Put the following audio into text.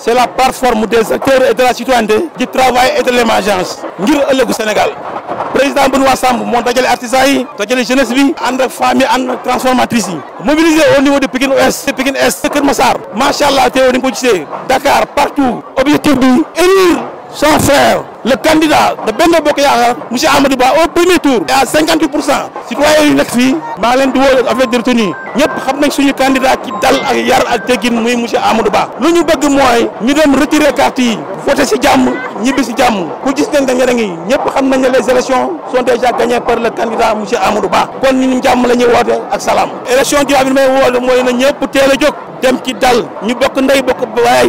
C'est la plateforme des acteurs et de la citoyenneté du travail et de l'émergence du Sénégal président Benoît Samb moo dajale artisans yi dajale jeunesse bi ànd ak famille, mobiliser au niveau de Pékin Ouest Pékin Est Kër Massar macha allah Dakar partout objectif de élire son frère, le candidat de Benno Bokk Yaakaar, monsieur Amadou Ba au premier tour et à 58 pour cent citoyen yu nekk fii maa leen di woo affaire de retenue ñëpp xam nañ suñu candidat ci dal ak yar ak teggin muy monsieur Amadou Ba lu ñu bëgg mooy ñu dem retirer carte yi si jàmm ñibbi si jàmm ku gis nañ dañu ngi ñëpp xam nañ ne les élections sont déjà gagnées par le candidat monsieur Amadou Ba kon ñun jàmm la ñuy woote ak salaam élection jiwaa bi may woote mooy na